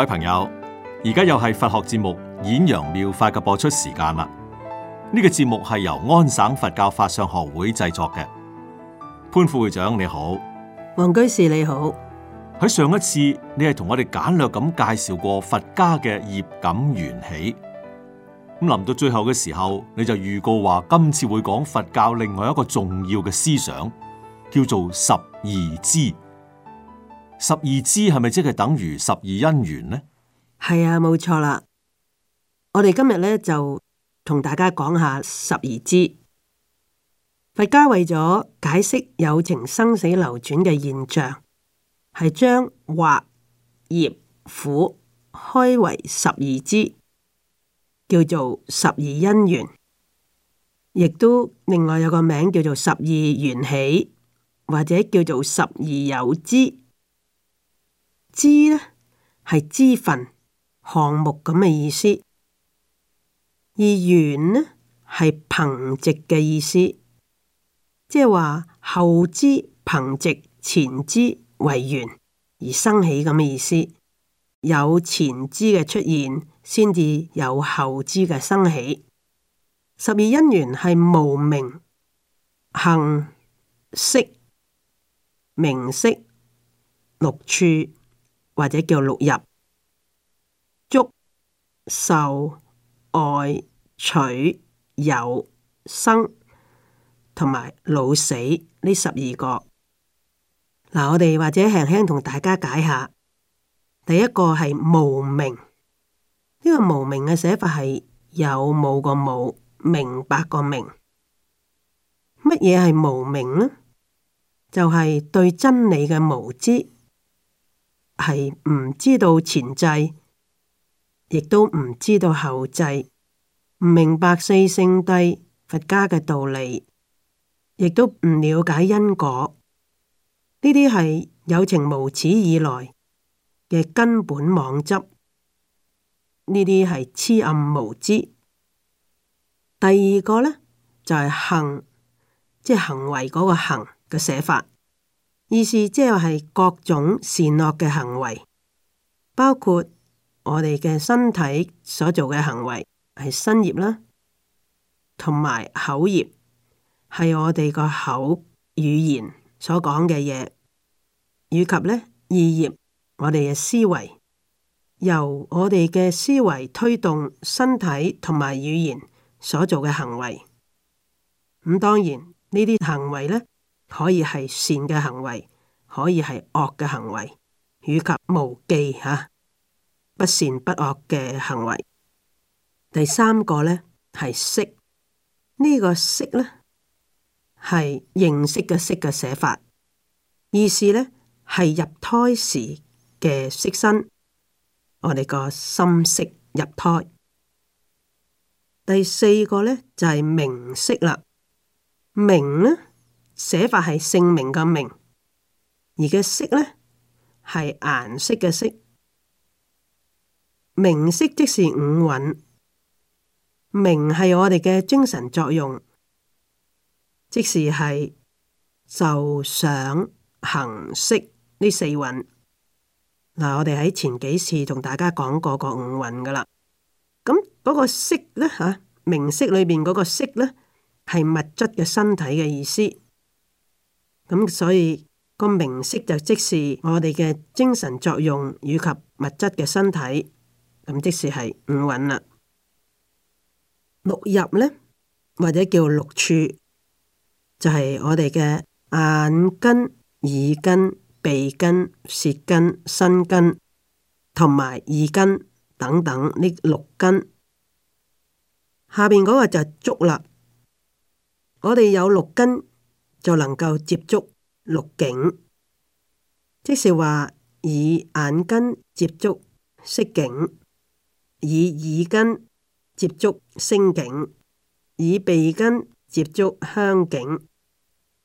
各位朋友，而家又係佛學節目《演揚妙，妙法》嘅播出時間啦。呢、這個節目係由安省佛教法相學會製作嘅。潘副會長你好，王居士你好。喺上一次，你係同我哋簡略咁介紹過佛家嘅業感緣起。咁臨到最後嘅時候，你就預告話今次會講佛教另外一個重要嘅思想，叫做十二支。十二支係咪即係等於十二因緣呢？係啊，冇錯啦。我哋今日咧就同大家講下十二支。佛家為咗解釋有情生死流轉嘅現象，係將惑業苦開為十二支，叫做十二因緣，亦都另外有個名叫做十二緣起，或者叫做十二有支。支呢，係支分項目咁嘅意思，而緣呢，係憑藉嘅意思，即係話後支憑藉前支為緣而生起咁嘅意思，有前支嘅出現，先至有後支嘅生起。十二因緣係無明、行、識、名色六處。或者叫六入、觸、受、愛、取、有、生同埋老死呢十二個。嗱，我哋或者輕輕同大家解下。第一個係無明，呢、這個無明嘅寫法係有冇個冇，明白個明。乜嘢係無明呢？就係、是、對真理嘅無知。係唔知道前際，亦都唔知道後際，唔明白四聖諦佛家嘅道理，亦都唔了解因果。呢啲係有情無始以來嘅根本妄執。呢啲係痴暗無知。第二個呢，就係、是、行，即、就、係、是、行為嗰個行嘅寫法。意思即係各種善惡嘅行為，包括我哋嘅身體所做嘅行為係身業啦，同埋口業係我哋個口語言所講嘅嘢，以及呢意業，我哋嘅思維，由我哋嘅思維推動身體同埋語言所做嘅行為。咁，嗯，當然呢啲行為呢，可以係善嘅行為，可以係惡嘅行為，以及無記。嚇不善不惡嘅行為。第三個呢係識，這個、呢個識呢係認識嘅識嘅寫法，意思呢係入胎時嘅識身，我哋個心識入胎。第四個呢就係、是、名色啦，名呢。寫法係姓名嘅名，而個色呢，係顏色嘅色。名色即是五蘊，名係我哋嘅精神作用，即是係就想行色呢四蘊。嗱，我哋喺前幾次同大家講過個五蘊噶啦，咁嗰個色呢，吓，名色裏面嗰個色呢，係物質嘅身體嘅意思。咁所以、那個名色就即是我哋嘅精神作用以及物質嘅身體，咁即是係五蘊啦。六入呢，或者叫六處，就係、是、我哋嘅眼根、耳根、鼻根、舌根、身根，同埋意根等等呢六根。下邊嗰個就係足啦。我哋有六根。就能夠接觸六景，即是話以眼根接觸色景，以耳根接觸聲境，以鼻根接觸香境。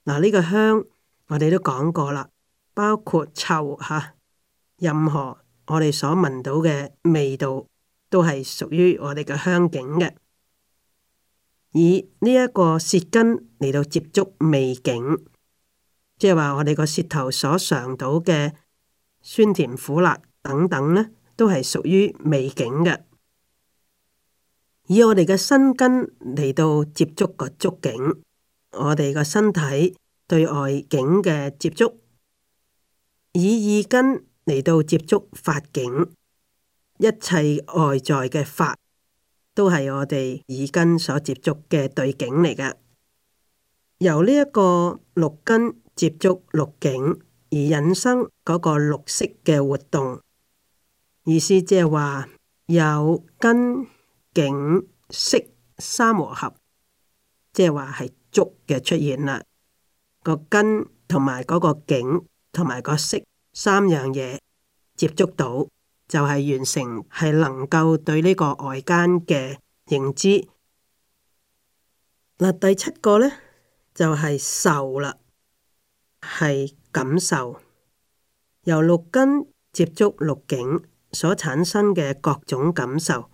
嗱，呢、這個香我哋都講過啦，包括臭嚇、啊，任何我哋所聞到嘅味道都係屬於我哋嘅香境嘅。以呢一個舌根嚟到接觸味境，即係話我哋個舌頭所嘗到嘅酸甜苦辣等等呢都係屬於味境嘅。以我哋嘅身根嚟到接觸個觸、觸境，我哋個身體對外境嘅接觸，以意根嚟到接觸法境，一切外在嘅法。都係我哋耳根所接觸嘅對境嚟㗎，由呢一個六根接觸六境而引生嗰個六識嘅活動，意思即係話有根境識三和合，即係話係觸嘅出現啦，個根同埋嗰個境同埋個識三樣嘢接觸到。就係完成，係能夠對呢個外間嘅認知。嗱，第七個呢，就係受啦，係感受。由六根接觸六境所產生嘅各種感受。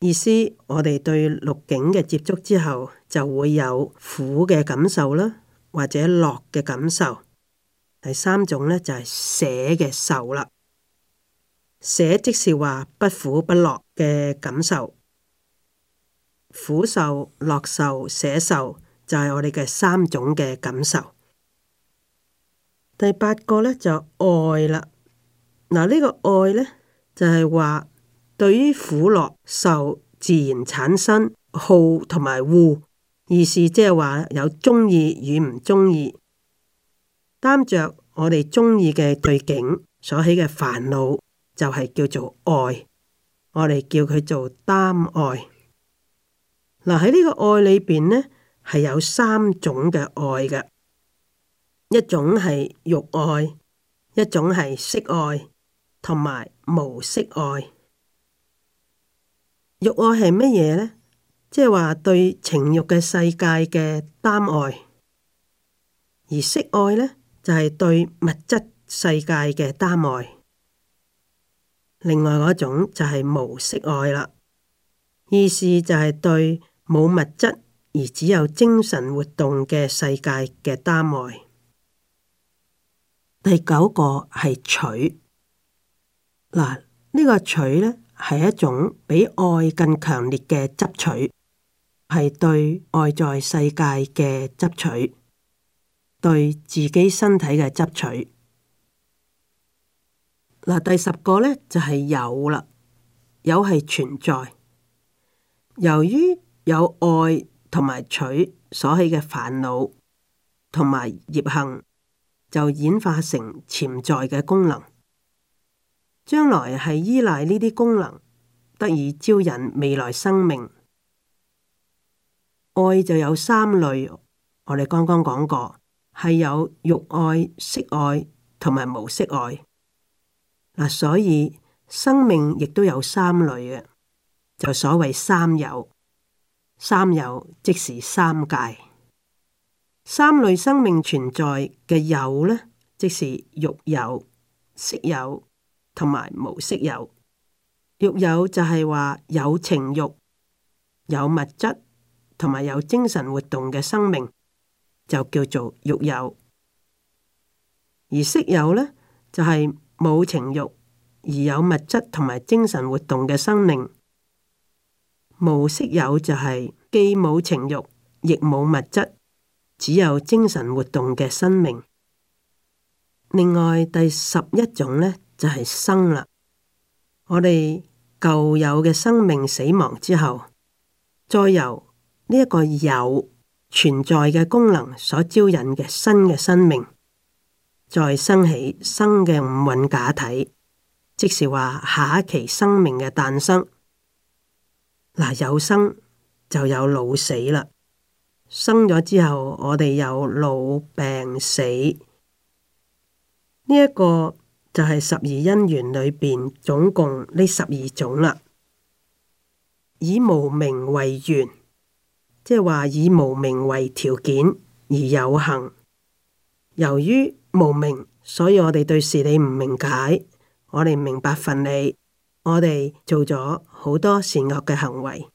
意思我哋對六境嘅接觸之後，就會有苦嘅感受啦，或者樂嘅感受。第三種呢，就係捨嘅受啦。捨即是話不苦不樂嘅感受，苦受、樂受、捨受就係我哋嘅三種嘅感受。第八個咧就愛啦，嗱呢個愛咧就係話對於苦樂受自然產生好同埋惡，意思即係話有鍾意與唔鍾意，擔着我哋鍾意嘅對境所起嘅煩惱。就係叫做愛，我哋叫佢做貪愛。嗱喺呢個愛裏邊咧，係有三種嘅愛嘅，一種係欲愛，一種係色愛，同埋無色愛。欲愛係乜嘢咧？即係話對情欲嘅世界嘅貪愛，而色愛咧就係對物質世界嘅貪愛。另外嗰種就係無色愛啦，意思就係對冇物質而只有精神活動嘅世界嘅貪愛。第九個係取，嗱呢、這個取咧係一種比愛更強烈嘅執取，係對外在世界嘅執取，對自己身體嘅執取。第十個呢，就係有啦，有係存在。由於有愛同埋取所起嘅煩惱同埋業行，就演化成潛在嘅功能。將來係依賴呢啲功能，得以招引未來生命。愛就有三類，我哋剛剛講過，係有欲愛、色愛同埋無色愛。嗱，所以生命亦都有三類嘅，就所謂三有，三有即是三界，三類生命存在嘅有呢，即是欲有、色有同埋無色有。欲有就係話有情欲、有物質同埋有精神活動嘅生命，就叫做欲有。而色有呢，就係、是，冇情欲而有物質同埋精神活動嘅生命，無色有就係既冇情欲亦冇物質，只有精神活動嘅生命。另外第十一種呢，就係生啦。我哋舊有嘅生命死亡之後，再由呢一個有存在嘅功能所招引嘅新嘅生命。再生起生嘅五蘊假體，即是話下一期生命嘅誕生。嗱、啊，有生就有老死啦。生咗之後，我哋有老病死。呢一個就係十二因緣裏邊總共呢十二種啦。以無明為緣，即係話以無明為條件而有行，由於。無明，所以我哋對事理唔明解，我哋唔明白份理，我哋做咗好多善惡嘅行為，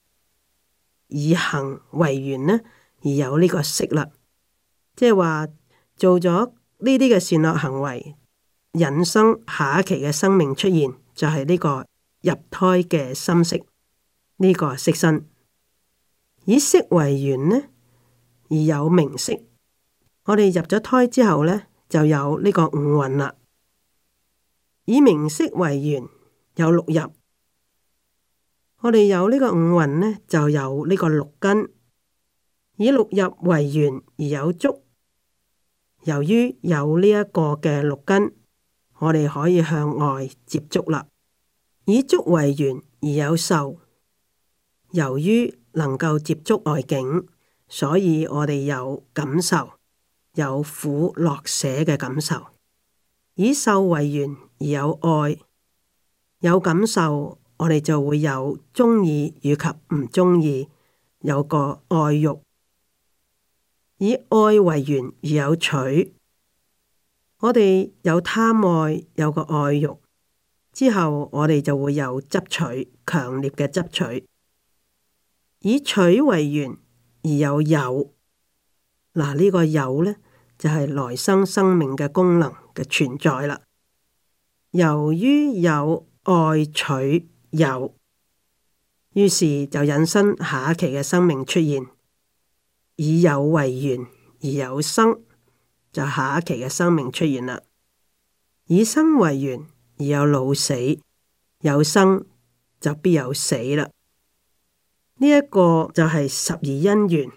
以行為緣呢而有呢個識啦，即係話做咗呢啲嘅善惡行為，引生下一期嘅生命出現，就係、是、呢個入胎嘅心識，呢、這個識身，以識為緣呢而有名色，我哋入咗胎之後呢，就有呢個五蘊啦，以名色為緣，有六入。我哋有呢個五蘊呢，就有呢個六根。以六入為緣，而有觸。由於有呢一個嘅六根，我哋可以向外接觸啦。以觸為緣，而有受，由於能夠接觸外境，所以我哋有感受。有苦樂捨嘅感受，以受為緣而有愛，有感受我哋就會有鍾意與及唔鍾意，有個愛欲；以愛為緣而有取，我哋有貪愛，有個愛欲之後，我哋就會有執取，強烈嘅執取；以取為緣而有有，嗱、這、呢個有咧。就係來生生命嘅功能嘅存在啦。由於有愛取有，於是就引申下一期嘅生命出現，以有為緣而有生，就下一期嘅生命出現啦。以生為緣而有老死，有生就必有死啦。呢、這、一個就係十二因緣。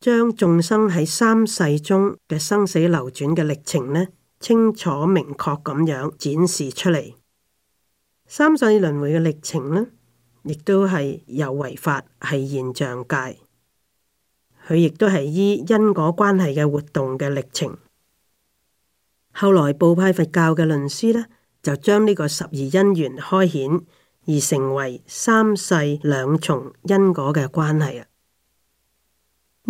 將眾生喺三世中嘅生死流轉嘅歷程呢，清楚明確咁樣展示出嚟。三世輪回嘅歷程呢，亦都係有為法，係現象界。佢亦都係依因果關係嘅活動嘅歷程。後來部派佛教嘅論師呢，就將呢個十二因緣開顯，而成為三世兩重因果嘅關係啊。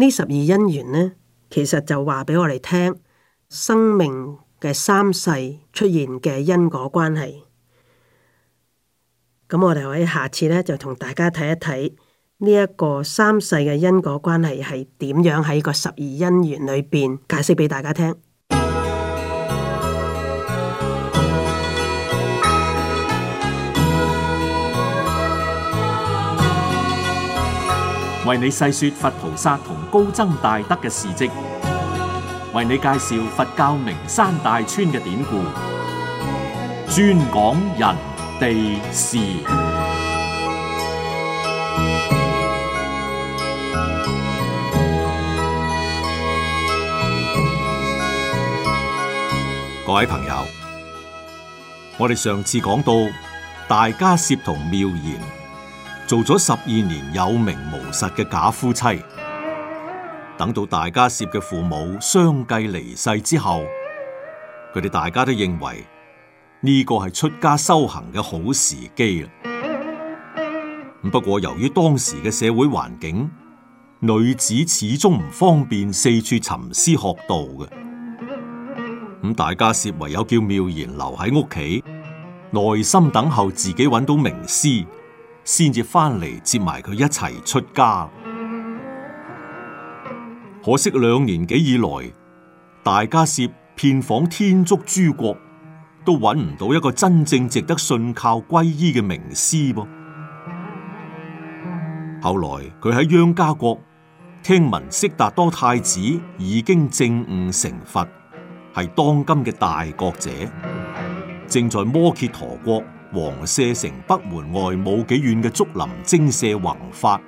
呢十二因緣呢，其實就話俾我哋聽生命嘅三世出現嘅因果關係。咁我哋可以下次呢，就同大家睇一睇呢一個三世嘅因果關係係點樣喺個十二因緣裏邊解釋俾大家聽。為你細說佛菩薩同高僧大德嘅事跡，為你介紹佛教名山大川嘅典故，專講人地事。各位朋友，我哋上次講到，大迦葉同妙言。做咗十二年有名無實嘅假夫妻，等到大迦葉嘅父母相繼離世之後，佢哋大家都認為呢、這個係出家修行嘅好時機啦。咁不過由於當時嘅社會環境，女子始終唔方便四處尋師學道嘅。咁大迦葉唯有叫妙言留喺屋企，耐心等候自己揾到名師。先至翻嚟接埋佢一齊出家。可惜兩年幾以來，大家涉遍訪天竺諸國，都揾唔到一個真正值得信靠皈依嘅名師噃。後來佢喺央家國聽聞悉達多太子已經正悟成佛，係當今嘅大國者，正在摩羯陀國。王舍城北門外冇幾遠嘅竹林精舍弘法。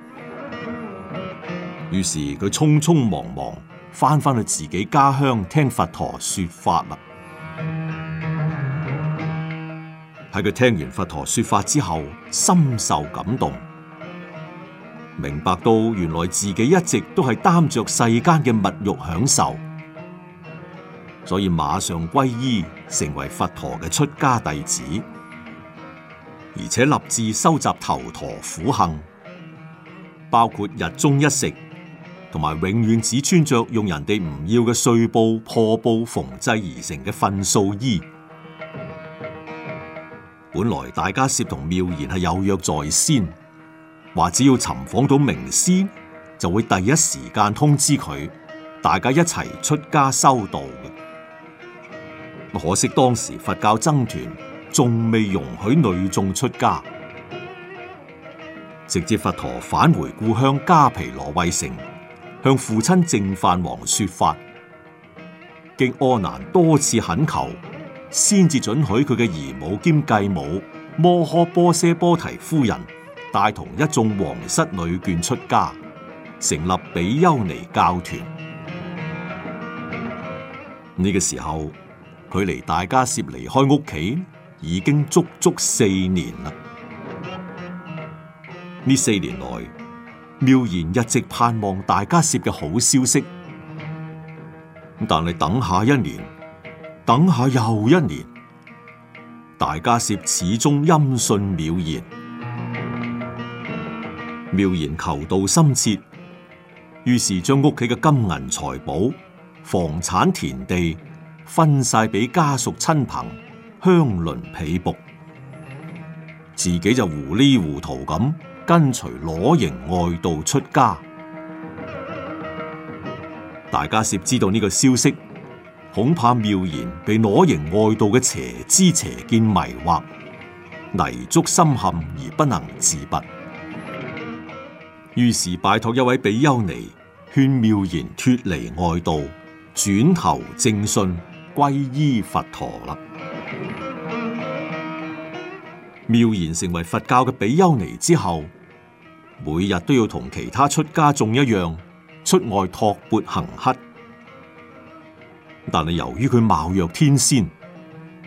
於是佢匆匆忙忙翻返去自己家鄉，聽佛陀說法啦。喺佢聽完佛陀說法之後，深受感動，明白到原來自己一直都係擔着世間嘅物慾享受，所以馬上皈依，成為佛陀嘅出家弟子。而且立志收集頭陀苦行，包括日中一食，同埋永遠只穿着用人哋唔要嘅碎布破布縫製而成嘅糞掃衣。 本來大迦葉同妙言係有約在先，話只要尋訪到名師，就會第一時間通知佢，大家一齊出家修道嘅。可惜當時佛教僧團仲未容許女眾出家，直至佛陀返回故鄉迦毗羅衛城，向父親淨飯王說法，經阿難多次懇求，先至准許佢嘅姨母兼繼母摩訶波闍波提夫人，帶同一眾皇室女眷出家，成立比丘尼教團。呢、這個時候，距離大迦葉離開屋企，已經足足四年啦！呢四年來，妙賢一直盼望大迦葉嘅好消息。但係等下一年，等下又一年，大迦葉始終音訊渺然。妙賢求道深切，於是將屋企嘅金銀財寶、房產田地分晒俾家屬親朋。香鄰皮薄，自己就糊裏糊塗咁跟隨裸形外道出家。大迦葉知道呢個消息，恐怕妙賢被裸形外道嘅邪知邪見迷惑，泥足深陷而不能自拔。於是拜託一位比丘尼勸妙賢脱離外道，轉頭正信，皈依佛陀啦。妙賢成為佛教嘅比丘尼之後，每日都要同其他出家眾一樣出外托缽行乞。但係由於佢貌若天仙，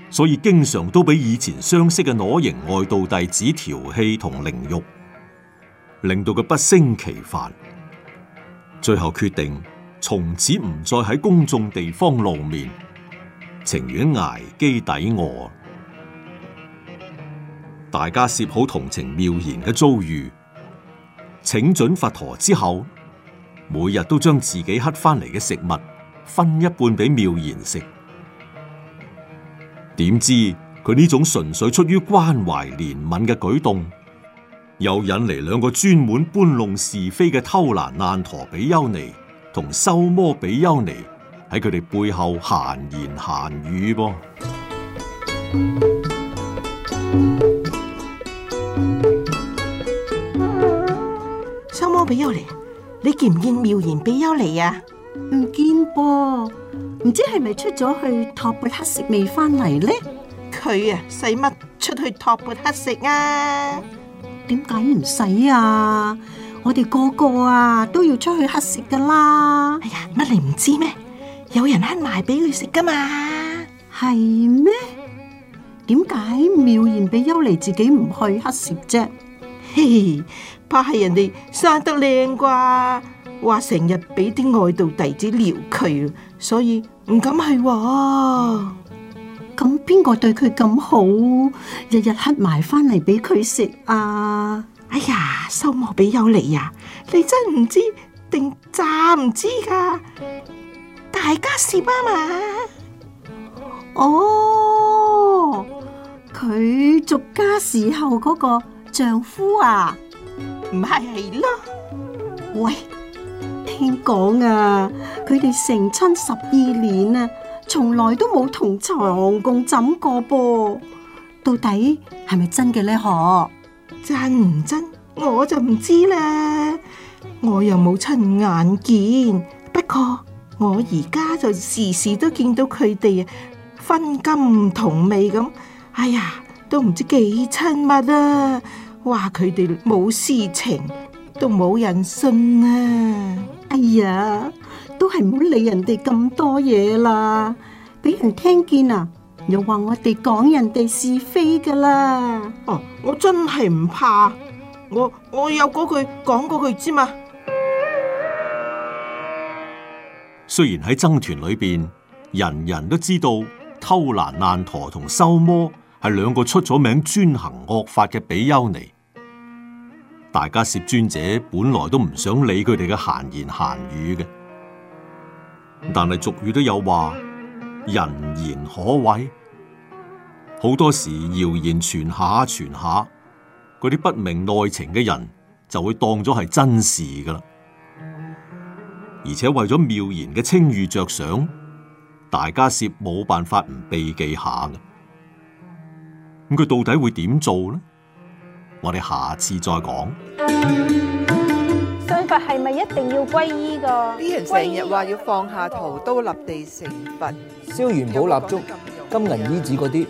所以經常都被以前相識嘅裸形外道弟子調戲同凌辱，令到佢不勝其煩。最後決定從此唔再喺公眾地方露面，情願捱飢抵餓。大家涉好同情妙賢嘅遭遇，請准佛陀之後，每日都將自己乞翻嚟嘅食物分一半俾妙賢食。點知佢呢種純粹出於關懷憐憫嘅舉動，又引嚟兩個專門搬弄是非嘅偷蘭難陀比丘尼同修摩比丘尼喺佢哋背後閒言閒語噃。蘇摩比丘尼，你見唔見妙賢比丘尼啊？唔見噃，唔知係咪出咗去托缽乞食未翻嚟咧？佢啊，使乜出去托缽乞食啊？點解唔使啊？我哋個個啊都要出去乞食噶啦！哎呀，乜你唔知咩？有人乞埋俾佢食噶嘛？係咩？點解妙賢比丘尼自己唔去乞食啫、啊？嘿，嘿，怕係人哋生得靚啩，話成日俾啲外道弟子撩佢，所以唔敢去喎、啊。咁邊個對佢咁好，日日乞埋翻嚟俾佢食啊？哎呀，收摩比丘尼呀，你真唔知定詐唔知噶？大家食啊嘛！哦。佢俗家時候嗰個丈夫啊，唔係咯？喂，聽講啊，佢哋成親十二年啊，從來都冇同床共枕過噃。啊，到底係咪真嘅咧？嗬，真唔真，我就唔知啦，我又冇親眼見。不過我而家就時時都見到佢哋啊，分金同味咁。哎呀，都唔知幾親密啊！話佢哋冇私情，都冇人信啊！哎呀，都係唔好理人哋咁多嘢啦，俾人聽見啊，又話我哋講人哋是非噶啦！哦、啊，我真係唔怕，我我有嗰句講嗰句知嘛。雖然喺僧團裏邊，人人都知道偷蘭難陀同修魔。係兩個出咗名專行惡法嘅比丘尼，大迦葉尊者本來都唔想理佢哋嘅閒言閒語嘅，但係俗語都有話人言可畏，好多時謠言傳下傳下，嗰啲不明內情嘅人就會當咗係真事噶啦，而且為咗妙言嘅清譽着想，大迦葉冇辦法唔避忌下嘅。佢到底會點做咧？我哋下次再講。信佛係咪一定要皈依噶啲人成日話要放下屠刀立地成佛，燒元寶蠟燭、金銀衣紙嗰啲，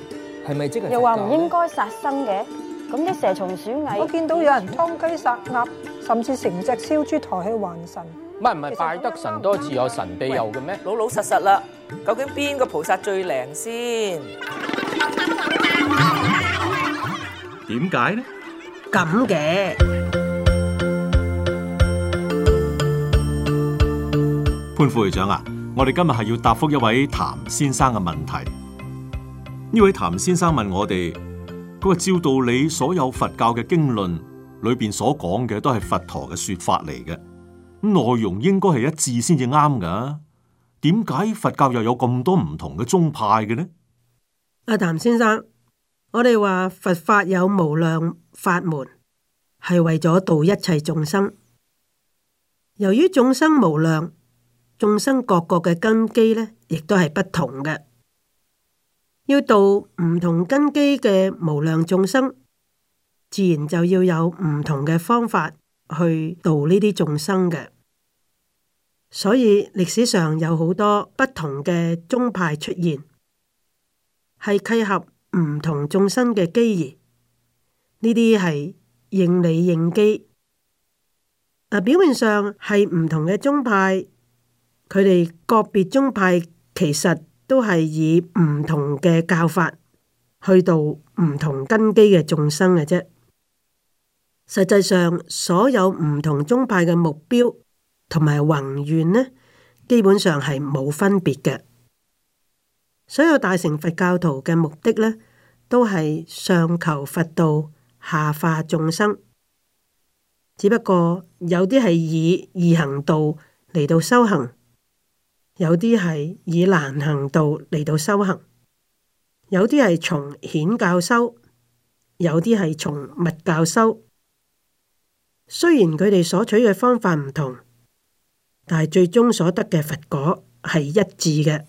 係咪即係？又話唔應該殺生嘅。咁啲蛇蟲鼠蟻，我見到有人劏雞殺鴨，甚至成隻燒豬抬去還神。唔係唔係，拜得神多自有神庇佑嘅咩？老老實實啦，究竟邊個菩薩最靈先？點解呢？咁嘅潘副會長啊，我哋今日係要答覆一位譚先生嘅問題。呢位譚先生問我哋，佢話照道理，所有佛教嘅經論裏邊所講嘅都係佛陀嘅說法嚟嘅，咁內容應該係一致先至啱噶。點解佛教又有咁多唔同嘅宗派嘅呢？阿譚先生，我哋話佛法有無量法門，係為咗度一切眾生。由於眾生無量，眾生各個嘅根基呢亦都係不同嘅。要度唔同根基嘅無量眾生，自然就要有唔同嘅方法去度呢啲眾生嘅。所以歷史上有好多不同嘅宗派出現。係契合唔同眾生嘅機緣，呢啲係應理應機。啊，表面上係唔同嘅宗派，佢哋個別宗派其實都係以唔同嘅教法去到唔同根基嘅眾生嘅啫。實際上，所有唔同宗派嘅目標同埋宏願呢，基本上係冇分別嘅。所有大乘佛教徒嘅目的呢，都係上求佛道，下化眾生。只不過有啲係以易行道嚟到修行，有啲係以難行道嚟到修行，有啲係從顯教修，有啲係從密教修。雖然佢哋所取嘅方法唔同，但係最終所得嘅佛果係一致嘅。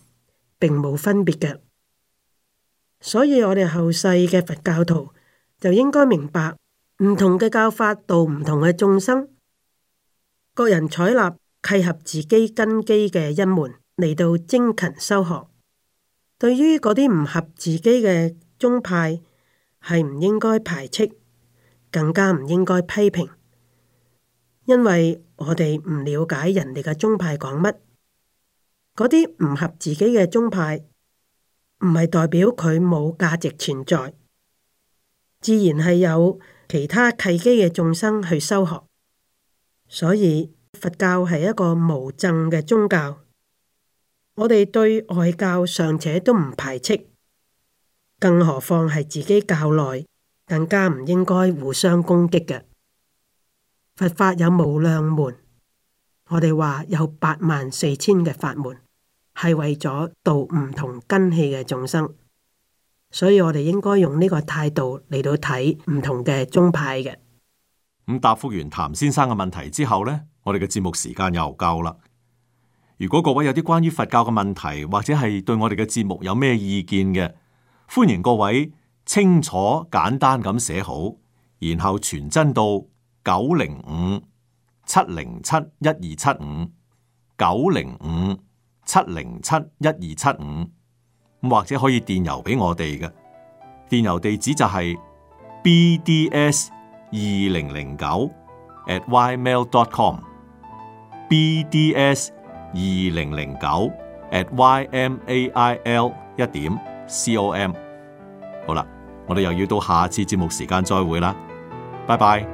並冇分別嘅，所以我哋後世嘅佛教徒就應該明白，唔同嘅教法度唔同嘅眾生，各人採納契合自己根基嘅一門嚟,到精勤修學。對於嗰啲唔合自己嘅宗派，係唔應該排斥，更加唔應該批評，因為我哋唔了解人哋嘅宗派講乜。嗰啲唔合自己嘅宗派，唔係代表佢冇價值存在，自然係有其他契機嘅眾生去修學。所以佛教係一個無諍嘅宗教，我哋對外教尚且都唔排斥，更何況係自己教內，更加唔應該互相攻擊嘅。佛法有無量門，我哋話有八萬四千嘅法門。係為咗度唔同根器嘅眾生，所以我哋應該用呢個態度嚟到睇唔同嘅宗派嘅。咁答覆完譚先生嘅問題之後呢，我哋嘅節目時間又夠啦。如果各位有啲關於佛教嘅問題，或者係對我哋嘅節目有咩意見嘅，歡迎各位清楚簡單咁寫好，然後傳真到九零五七零七一二七五九零五。七零七一二七五。咁或者可以電郵俾我哋嘅電郵地址就係 bds 二零零九 at ymail dot com bds 二零零九 at y m a i l 一點 c o m 好啦，我哋又要到下次節目時間再會啦，拜拜。